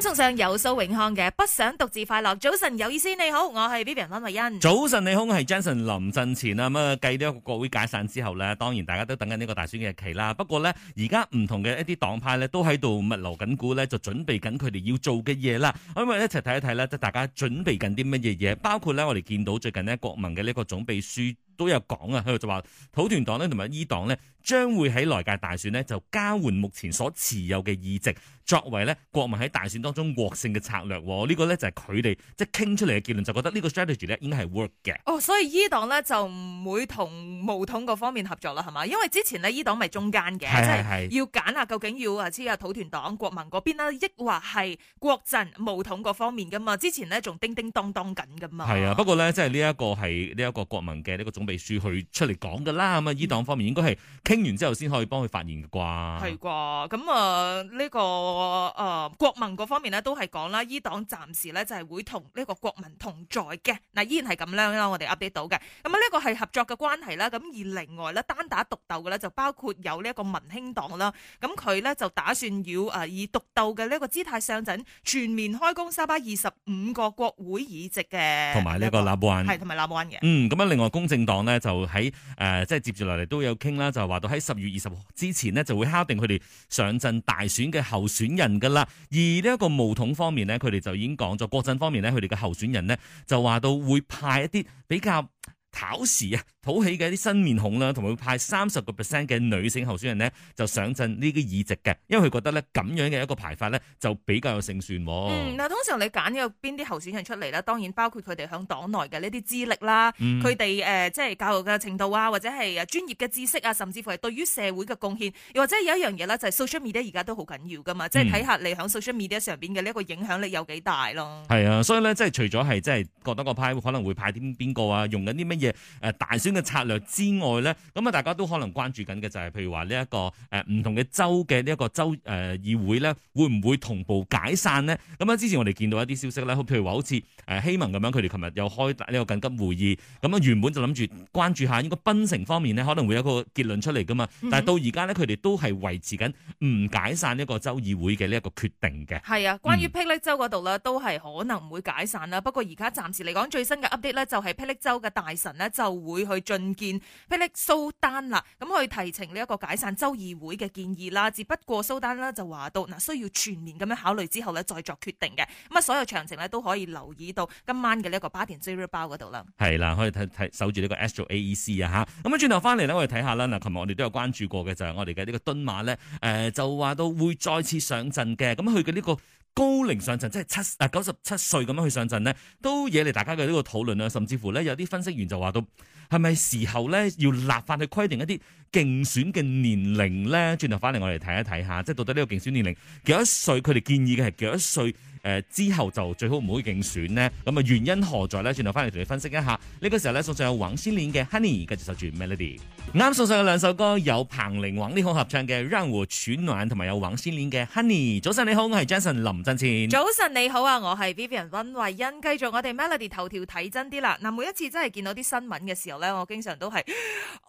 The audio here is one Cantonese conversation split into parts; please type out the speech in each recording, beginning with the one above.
通訊上有數永康嘅，不想獨自快樂。早晨有意思，你好，我係 Vivian 温慧欣。早晨你好，我係 Jason 林振前啊，咁啊繼呢個國會解散之後咧，當然大家都等緊呢個大選嘅日期啦。不過咧，而家唔同嘅一啲黨派咧都喺度密鑼緊鼓咧，就準備緊佢哋要做嘅嘢啦。咁啊，一齊睇一睇咧，即係大家準備緊啲乜嘢嘢，包括咧我哋見到最近呢國民嘅呢個總秘書。都有講啊，佢就話土團黨呢，同埋伊黨呢，將會喺來屆大選呢，就交換目前所持有嘅議席，作為呢國民喺大選當中獲勝嘅策略。呢、哦呢個呢，就係佢哋即係傾出嚟嘅結論，就覺得呢個 strategy 呢，應該係 work 嘅。哦，所以伊黨呢，就唔會同巫統嗰方面合作啦，係嘛？因為之前呢，伊黨咪中間嘅，即係是要揀啊，究竟要啊支持土團黨、國民嗰邊啦，抑或係國陣、巫統嗰方面噶嘛？之前呢，仲叮叮當當緊噶嘛？係啊，不過呢，即係呢一個係呢一個國民嘅呢、呢個總，秘書去出嚟講噶啦，咁啊伊黨方面應該係傾完之後先可以幫佢發言嘅啩。係啩，咁啊呢個誒、呃、國民嗰方面咧都係講啦，伊黨暫時呢就係會同呢個國民同在嘅。嗱，依然係咁樣啦，我哋 update 到嘅。咁啊呢個係合作嘅關係啦，咁而另外咧單打獨鬥嘅呢就包括有呢一個民興黨啦。咁佢呢就打算要誒以獨鬥嘅呢個姿態上陣，全面開工三百二十五個國會議席嘅、這個，同埋呢個立灣係同埋立灣嘅。嗯，咁啊另外公正黨。講咧就喺誒，即、呃、係接住落嚟，都有傾啦，就話到喺十月二十號之前呢，就會敲定佢哋上陣大選嘅候選人噶啦。而呢一個巫統方面呢，佢哋就已經講咗國陣方面呢，佢哋嘅候選人呢，就話到會派一啲比較。考時啊，討起嘅一啲新面孔啦，同埋會派三十個 percent 嘅女性候選人呢，就上陣呢啲議席嘅。因為佢覺得咧咁樣嘅一個排法咧就比較有勝算喎。嗯，嗱，通常你揀咗邊啲候選人出嚟啦，當然包括佢哋響黨內嘅呢啲資歷啦，佢哋誒即係教育嘅程度啊，或者係專業嘅知識啊，甚至乎係對於社會嘅貢獻，又或者有一樣嘢啦，就係 social media 而家都好緊要噶嘛，即係睇下你響 social media 上邊嘅呢一個影響力有幾大咯。係、嗯、啊，所以咧即係除咗係即係覺得個派可能會派啲邊個啊，用緊啲咩？嘢、啊、大選嘅策略之外咧，咁、嗯、啊大家都可能關注緊嘅就係譬如話呢一個唔、呃、同嘅州嘅呢一個州誒議會咧，會唔會同步解散呢？咁、嗯、啊之前我哋見到一啲消息咧，譬如話好似誒希盟咁樣，佢哋琴日又開呢個緊急會議，咁、嗯、啊原本就諗住關注下應該檳城方面呢可能會有一個結論出嚟噶嘛，但到而家呢，佢哋都係維持緊唔解散呢個州議會嘅呢一個決定嘅。係啊，關於霹靂州嗰度呢，嗯、都係可能會解散啦。不過而家暫時嚟講最新嘅 update 咧，就係霹靂州嘅大選，就會去進見霹靂蘇丹啦，咁去提呈呢一個解散州議會嘅建議啦。只不過蘇丹呢就話到嗱，需要全面咁樣考慮之後呢，再作決定嘅。咁啊，所有詳情呢都可以留意到今晚嘅呢一個八點 zero 包嗰度啦。係啦，可以睇睇守住呢個 Astro AEC 啊嚇。咁啊，轉頭翻嚟呢，我哋睇下啦。嗱，琴日我哋都有關注過嘅就係我哋嘅呢個敦馬咧、呃，就話到會再次上陣嘅。咁佢嘅呢個。高齡上陣，即係七啊九十七歲咁樣去上陣咧，都惹嚟大家嘅呢個討論啊。甚至乎咧，有啲分析員就話到，係咪時候咧要立法去規定一啲競選嘅年齡咧？轉頭翻嚟，我哋睇一睇下，即係到底呢個競選年齡幾多歲？佢哋建議嘅係幾多歲？誒，之後就最好唔好競選呢。咁啊，原因何在呢？轉頭翻嚟同你分析一下。呢個時候咧，送上有黃先念嘅 Honey，繼續守住 Melody。啱送上有兩首歌，有彭羚、黃呢紅合唱嘅《Run 讓我轉眼》，同埋有黃先念嘅 Honey。早晨你好，我係 Jason 林振前。早晨你好啊，我係 Vivian 溫慧欣。繼續我哋 Melody 頭條睇真啲啦。嗱，每一次真係見到啲新聞嘅時候咧，我經常都係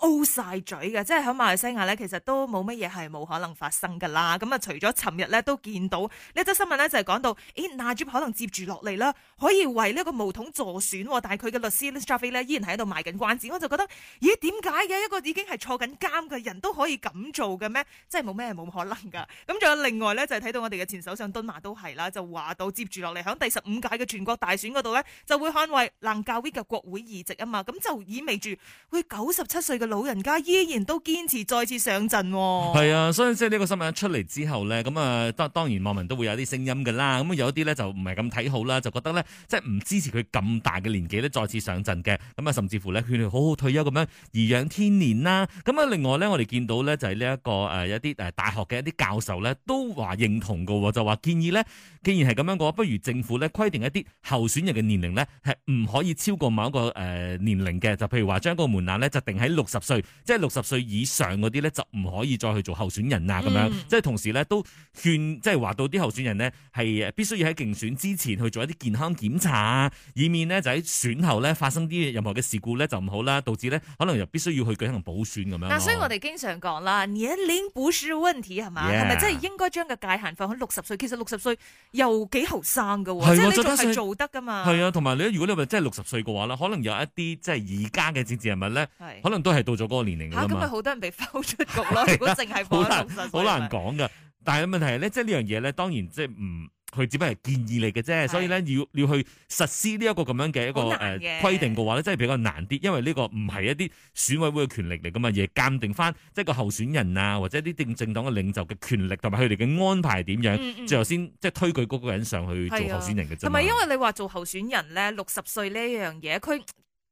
噢晒嘴嘅。即係喺馬來西亞咧，其實都冇乜嘢係冇可能發生噶啦。咁啊，除咗尋日咧都見到呢則新聞咧，就係講到那朱可能接住落嚟啦，可以為呢個巫統助選，但係佢嘅律師 Shafee 咧依然喺度賣緊關子，我就覺得，咦？點解嘅一個已經係坐緊監嘅人都可以咁做嘅咩？真係冇咩冇可能噶。咁仲有另外咧，就係睇到我哋嘅前首相敦馬都係啦，就話到接住落嚟響第十五屆嘅全國大選嗰度咧，就會捍衛蘭加威嘅國會議席啊嘛，咁就意味住佢九十七歲嘅老人家依然都堅持再次上陣。係啊，所以即係呢個新聞一出嚟之後咧，咁啊，當當然網民都會有啲聲音噶啦，咁有。嗰啲咧就唔係咁睇好啦，就覺得咧即係唔支持佢咁大嘅年紀咧再次上陣嘅，咁啊甚至乎咧勸佢好好退休咁樣頤養天年啦。咁啊，另外咧我哋見到咧就係呢一個誒一啲誒大學嘅一啲教授咧都話認同個，就話建議咧，既然係咁樣個，不如政府咧規定一啲候選人嘅年齡咧係唔可以超過某一個誒年齡嘅，就譬如話將個門檻咧就定喺六十歲，即係六十歲以上嗰啲咧就唔可以再去做候選人啊咁樣，即係、嗯、同時咧都勸即係話到啲候選人呢係必須，要喺競選之前去做一啲健康檢查，以免咧就喺選後咧發生啲任何嘅事故咧就唔好啦，導致咧可能又必須要去舉行補選咁樣。嗱，所以我哋經常講啦，年齡補選問題係嘛，係咪 Yeah. 真係應該將個界限放喺六十歲？其實六十歲又幾後生噶喎，是啊，即係呢啲係做得噶嘛。係啊，同埋你，如果你咪真係六十歲嘅話咧，可能有一啲即係而家嘅政治人物咧，是可能都係到咗嗰個年齡。咁咪好多人被拋出局咯。 是啊，如果淨係放喺六十歲，好難講噶。但係問題係咧，即係呢樣嘢咧，當然即係唔。嗯佢只不過係建議嚟嘅啫，是所以咧要要去實施呢一個咁樣嘅一個誒規定嘅話咧，真係比較難啲，因為呢個唔係一啲選委會嘅權力嚟噶嘛，而係鑑定翻即係個候選人啊，或者啲政黨嘅領袖嘅權力同埋佢哋嘅安排係點樣，嗯嗯最後先即係推舉嗰個人上去做候選人嘅啫。係咪因為你話做候選人咧六十歲呢樣嘢佢？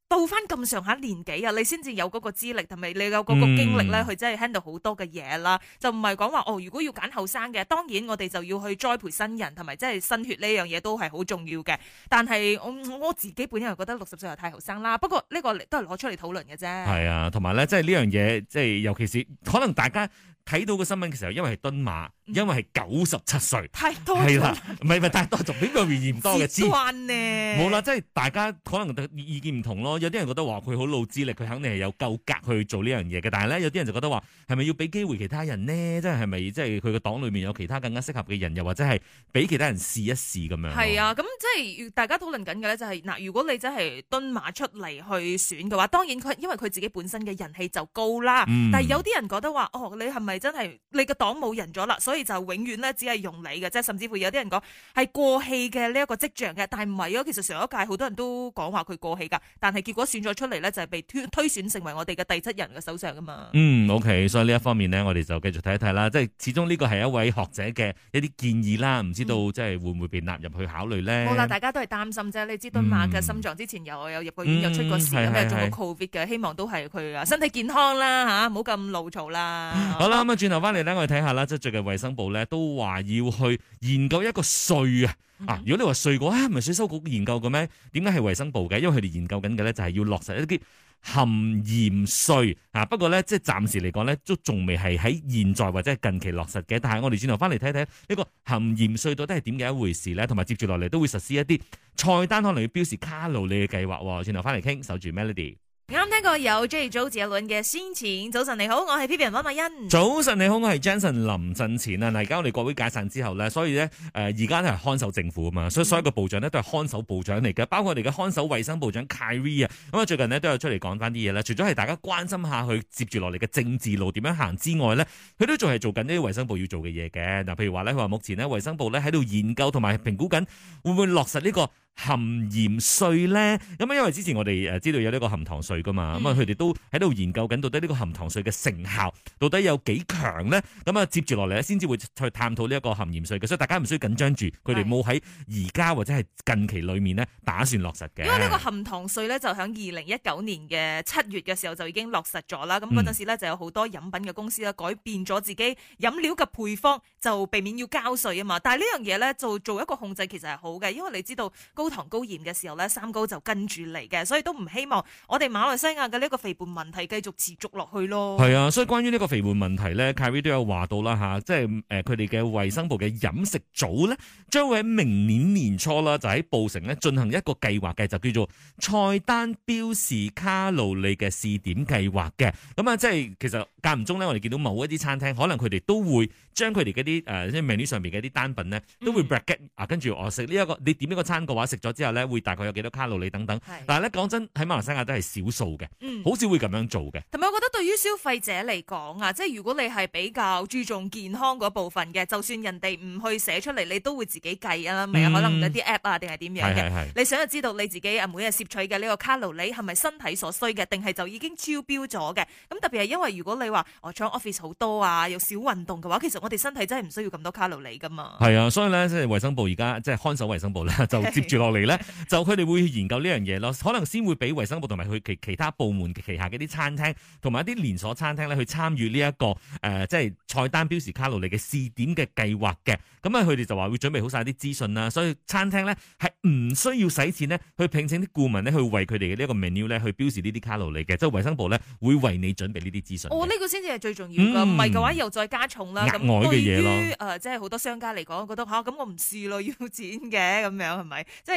到翻咁上下年紀啊，你先至有嗰個資歷同埋你有嗰個經歷咧，佢真係 handle 到好多嘅嘢啦。嗯、就唔係講話哦，如果要揀後生嘅，當然我哋就要去栽培新人，同埋即係新血呢樣嘢都係好重要嘅。但係我我自己本人覺得六十歲就太後生啦。不過呢個都係攞出嚟討論嘅啫。係啊，同埋咧，即係呢樣嘢，即係尤其是可能大家。睇到個新聞嘅時候，因為係敦馬，因為係九十七歲是，太多人，係啦，唔係唔係，太多仲呢個嫌多嘅呢？冇啦，即係大家可能特意見唔同咯。有啲人覺得話佢好老資歷，佢肯定係有夠格去做呢樣嘢嘅。但係咧，有啲人就覺得話係咪要俾機會其他人呢？即係係咪即係佢個黨裏面有其他更加適合嘅人，又或者係俾其他人試一試咁樣？係啊，咁即係大家討論緊嘅咧，就係嗱，如果你真係敦馬出嚟去選嘅話，當然佢因為佢自己本身嘅人氣就高啦。嗯。但係有啲人覺得話，哦，你係咪？你真係你個黨冇人咗啦，所以就永遠咧只係用你嘅，即係甚至乎有啲人講係過氣嘅呢一個跡象嘅，但係唔係咯，其實上一屆好多人都講話佢過氣噶，但係結果選咗出嚟咧就係被推推選成為我哋嘅第七人嘅首相噶嘛。嗯，OK，所以呢一方面咧，我哋就繼續睇一睇啦。即係始終呢個係一位學者嘅一啲建議啦，唔知道即係會唔會被納入去考慮咧？冇啦，大家都係擔心啫。你知敦馬嘅心臟之前又又入過院，又出過事，咁又中過 COVID 嘅，希望都係佢啊身體健康啦吓，唔好咁老嘈啦。好啦。咁轉頭翻嚟咧，我哋睇下啦，即係最近衛生部咧都話要去研究一個稅啊。啊，如果你話稅果咧，唔係稅收局研究嘅咩？點解係衛生部嘅？因為佢哋研究緊嘅咧，就係要落實一啲含鹽稅啊。不過咧，即係暫時嚟講咧，都仲未係喺現在或者近期落實嘅。但係我哋轉頭翻嚟睇睇呢個含鹽稅到底係點嘅一回事咧，同埋接住落嚟都會實施一啲菜單可能要標示卡路里嘅計劃。轉頭翻嚟傾，守住 Melody。啱聽過有 Jazz 自有論嘅先前早晨你好，我係 P B 人溫馬欣。早晨你好，我係 Jensen 林振前。啊！嗱，而家我哋國會解散之後咧，所以咧，誒，而家係看守政府啊嘛，所以所有嘅部長咧都係看守部長嚟嘅，包括我哋嘅看守衛生部長 Khairy 啊。咁啊，最近呢，都有出嚟講翻啲嘢咧，除咗係大家關心下佢接住落嚟嘅政治路點樣行之外咧，佢都仲係做緊呢啲衛生部要做嘅嘢嘅。嗱，譬如話咧，佢話目前呢，衛生部咧喺度研究同埋評估緊會唔會落實呢個。含鹽稅咧，咁啊，因為之前我哋知道有呢個含糖稅㗎嘛，咁啊、嗯，佢哋都喺度研究緊到底呢個含糖稅嘅成效，到底有幾強咧？咁、嗯、啊，接住落嚟先至會去探討呢一個含鹽稅嘅，所以大家唔需要緊張住，佢哋冇喺而家或者係近期裏面呢打算落實嘅。因為呢個含糖稅咧，就喺二零一九年嘅七月嘅時候就已經落實咗啦。咁嗰陣時咧就有好多飲品嘅公司改變咗自己飲料嘅配方，就避免要交稅啊嘛。但係呢樣嘢咧就做一個控制其實係好嘅，因為你知道高，高糖高鹽嘅時候咧，三高就跟住嚟嘅，所以都唔希望我哋馬來西亞嘅呢個肥胖問題繼續持續落去咯。係啊，所以關於呢個肥胖問題咧，Khairy 都有話到啦吓，即係誒，佢哋嘅衛生部嘅飲食組咧，將會喺明年年初啦，就喺布城咧進行一個計劃嘅，就叫做菜單標示卡路里嘅試點計劃嘅。咁、嗯、啊，即係、嗯、其實間唔中咧，我哋見到某一啲餐廳，可能佢哋都會將佢哋嗰啲誒即係 menu 上面嘅啲單品咧，都會 break、嗯、啊，跟住我食呢、這、一個，你點呢個餐嘅話食咗之後咧，會大概有幾多卡路里等等。是但係咧，講真喺馬來西亞都係少數嘅，好、嗯、少會咁樣做嘅。同埋我覺得對於消費者嚟講啊，即係如果你係比較注重健康嗰部分嘅，就算人哋唔去寫出嚟，你都會自己計啊。咪、嗯、可能有一啲 app 啊，定係點樣嘅？是是是是你想去知道你自己每日攝取嘅呢個卡路里係咪身體所需嘅，定係就已經超標咗嘅？咁特別係因為如果你話我坐 office 好多啊，又少運動嘅話，其實我哋身體真係唔需要咁多卡路里㗎嘛。係啊，所以咧，即係衞生部而家即係看守衞生部咧， 就接住囉。嚟咧， 就佢哋會研究呢樣嘢咯，可能先會俾衞生部同埋佢其其他部門旗下嘅啲餐廳，同埋一啲連鎖餐廳咧去參與呢、這、一個誒，即、呃、係、就是、菜單標示卡路里嘅試點嘅計劃嘅。咁啊，佢哋就話會準備好晒啲資訊啦，所以餐廳咧係唔需要使錢咧，去聘請啲顧問咧去為佢哋嘅呢一個 menu 咧去標示呢啲卡路里嘅，即係衞生部咧會為你準備呢啲資訊。哦，呢、這個先至係最重要噶，唔係嘅話又再加重啦。額外嘅嘢咯。誒、呃，即係好多商家嚟講，我覺得嚇咁、啊、我唔試咯，要錢嘅咁樣係咪？即係。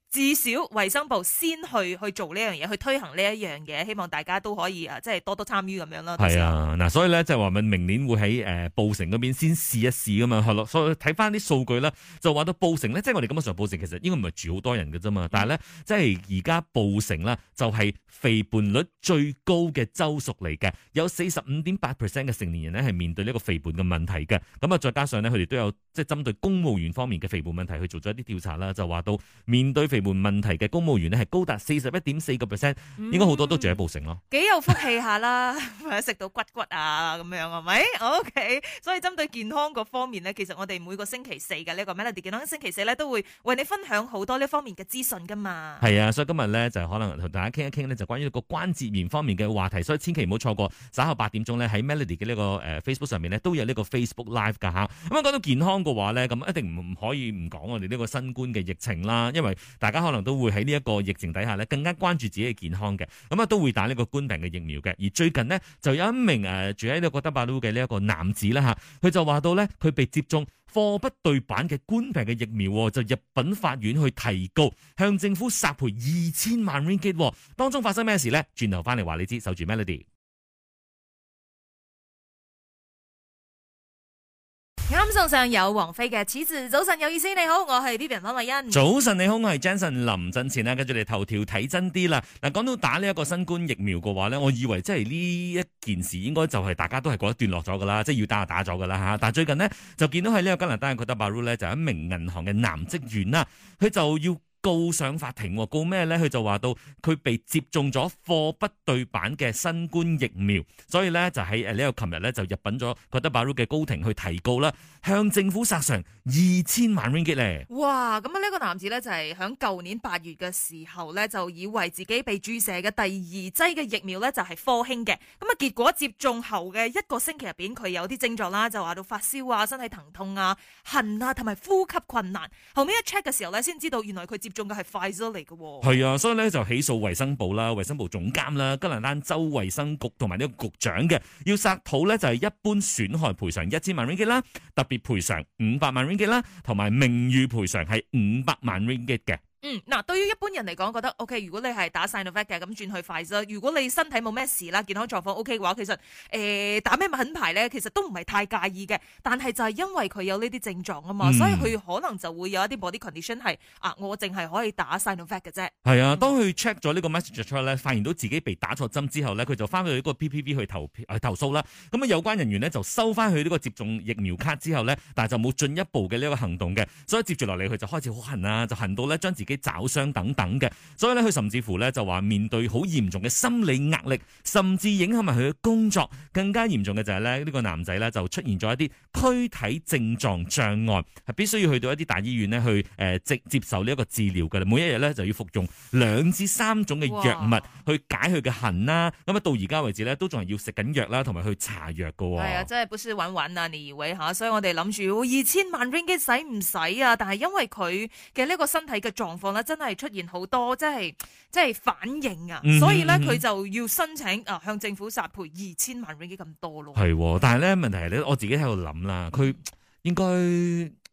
至少衛生部先去去做呢樣嘢，去推行呢一樣嘢，希望大家都可以多多啊，即係多多參與咁樣咯。係啊，嗱，所以咧即係話明年會喺誒報成布城嗰邊先試一試噶嘛，係咯。所以睇翻啲數據咧，就話到布城咧，即、就、係、是、我哋咁嘅時候，布城其實應該唔係住好多人嘅啫嘛。嗯、但係咧，即係而家布城咧就係、是、肥胖率最高嘅州屬嚟嘅，有四十五點八 percent 嘅成年人咧係面對呢個肥胖嘅問題嘅。咁啊，再加上咧，佢哋都有即係針對公務員方面嘅肥胖問題去做咗一啲調查啦，就話到面對肥。門問題嘅公務員咧，係高達四十一點四個 percent，應該好多都住喺布城咯、嗯。幾有福氣下啦，食 到骨骨啊，咁樣係咪？OK，所以針對健康嗰方面呢，其實我哋每個星期四嘅呢、這個 Melody 健康星期四咧，都會為你分享好多呢方面嘅資訊噶嘛。係啊，所以今日咧就可能同大家傾一傾呢，就關於個關節炎方面嘅話題。所以千祈唔好錯過，稍後八點鐘咧喺 Melody 嘅呢 Mel 的、這個誒、呃、Facebook 上面呢，都有呢個 Facebook Live 噶吓。咁啊、嗯、啊，講到健康嘅話咧，咁一定唔可以唔講我哋呢個新冠嘅疫情啦，因為大。大家可能都會喺呢一個疫情底下咧，更加關注自己嘅健康嘅，咁啊都會打呢個冠病嘅疫苗嘅。而最近呢，就有一名誒住喺呢個德巴魯嘅呢一個男子啦吓，佢就話到咧，佢被接種貨不對版嘅冠病嘅疫苗，就入稟法院去提告，向政府索賠二千萬 ringgit。當中發生咩事咧？轉頭翻嚟話你知，守住 Melody。送上有王菲嘅《此字》，早晨有意思，你好，我係 B B 方麗欣。早晨，你好，我係 Jensen 林振前啊！跟住你頭條睇真啲啦。嗱，講到打呢一個新冠疫苗嘅話咧，我以為即係呢一件事應該就係大家都係過一段落咗噶啦，即係要打就打咗噶啦吓。但係最近呢，就見到喺呢個加拿大國得巴魯咧，就一名銀行嘅男職員啦，佢就要。告上法庭，告咩咧？佢就話到佢被接種咗貨不對版嘅新冠疫苗，所以咧就喺誒呢度琴日咧就入稟咗格德巴魯嘅高庭去提告啦，向政府索償二千萬 ringgit 咧。哇！咁啊呢個男子咧就係響舊年八月嘅時候咧就以為自己被注射嘅第二劑嘅疫苗咧就係科興嘅，咁啊結果接種後嘅一個星期入邊佢有啲症狀啦，就話到發燒啊、身體疼痛啊、痕啊同埋呼吸困難，後尾一 check 嘅時候咧先知道原來佢接。仲嘅係快咗嚟嘅，係啊，所以咧就起訴衛生部啦，衛生部總監啦，吉蘭丹州衛生局同埋呢個局長嘅要索討咧就係一般損害賠償一千萬 ringgit 啦，特別賠償五百萬 ringgit 啦，同埋名譽賠償係五百萬 ringgit 嘅。嗯，嗱、啊，對於一般人嚟講，覺得 O K。OK，如果你係打 Sinovac 嘅，咁轉去快啦。如果你身體冇咩事啦，健康狀況 O K 嘅話，其實誒、呃、打咩品牌咧，其實都唔係太介意嘅。但係就係因為佢有呢啲症狀啊嘛，嗯、所以佢可能就會有一啲 body condition 係啊，我淨係可以打 Sinovac 嘅啫。係、嗯、啊，當佢 check 咗呢個 message 出嚟呢，發現到自己被打錯針之後呢，佢就翻去一個 PPV 去投、呃、投訴啦。咁啊，有關人員呢，就收翻去呢個接種疫苗卡之後呢，但係就冇進一步嘅呢個行動嘅。所以接住落嚟佢就開始好痕啊，就痕到呢將自己。啲抓傷等等嘅，所以咧佢甚至乎咧就話面對好嚴重嘅心理壓力，甚至影響埋佢嘅工作。更加嚴重嘅就係咧呢個男仔咧就出現咗一啲軀體症狀障礙，係必須要去到一啲大醫院呢，去誒直接受呢一個治療㗎啦。每一日咧就要服用兩至三種嘅藥物去解佢嘅痕啦。咁啊哇到而家為止咧都仲係要食緊藥啦，同埋去查藥㗎。係啊、哎，真係不是玩玩啊，你以為吓？所以我哋諗住二千萬 ringgit 使唔使啊？但係因為佢嘅呢個身體嘅狀，咧真係出現好多，即係即係反應啊！嗯哼嗯哼，所以咧，佢就要申請啊，向政府索賠二千萬 ringgit 咁多咯。係，但係咧問題係我自己喺度諗啦，佢應該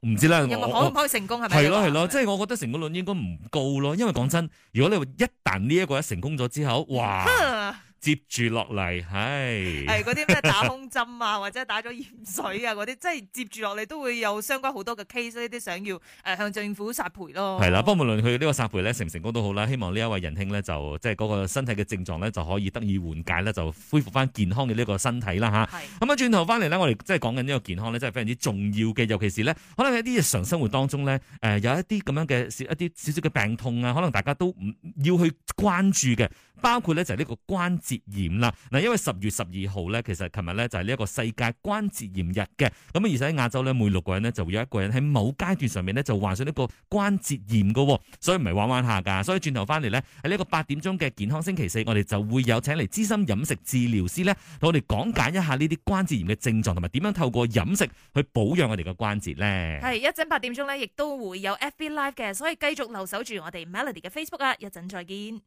唔知咧，有冇可唔可以成功係咪？係咯係咯，即係我覺得成功率應該唔高咯。因為講真，如果你一旦呢一個一成功咗之後，哇！ 接住落嚟，係係嗰啲咩打風針啊， 或者打咗鹽水啊，嗰啲，即係接住落嚟都會有相關好多嘅 case，呢啲想要誒向政府索賠咯。係啦，不過無論佢呢個索賠咧成唔成功都好啦，希望呢一位仁兄咧就即係嗰個身體嘅症狀咧就可以得以緩解咧，就恢復翻健康嘅呢個身體啦吓。係咁啊，轉頭翻嚟咧，我哋即係講緊呢個健康咧，真係非常之重要嘅，尤其是咧可能喺啲日常生活當中咧，誒、呃、有一啲咁樣嘅少一啲少少嘅病痛啊，可能大家都唔要去關注嘅。包括咧就係呢個關節炎啦，嗱，因為十月十二號咧，其實琴日咧就係呢一個世界關節炎日嘅，咁而且亞洲咧，每六個人呢就有一個人喺某階段上面咧就患上呢個關節炎噶，所以唔係玩玩下噶，所以轉頭翻嚟咧喺呢個八點鐘嘅健康星期四，我哋就會有請嚟資深飲食治療師咧同我哋講解一下呢啲關節炎嘅症狀同埋點樣透過飲食去保養我哋嘅關節咧。係一陣八點鐘咧，亦都會有 FB Live 嘅，所以繼續留守住我哋 Melody 嘅 Facebook 啊，一陣再見。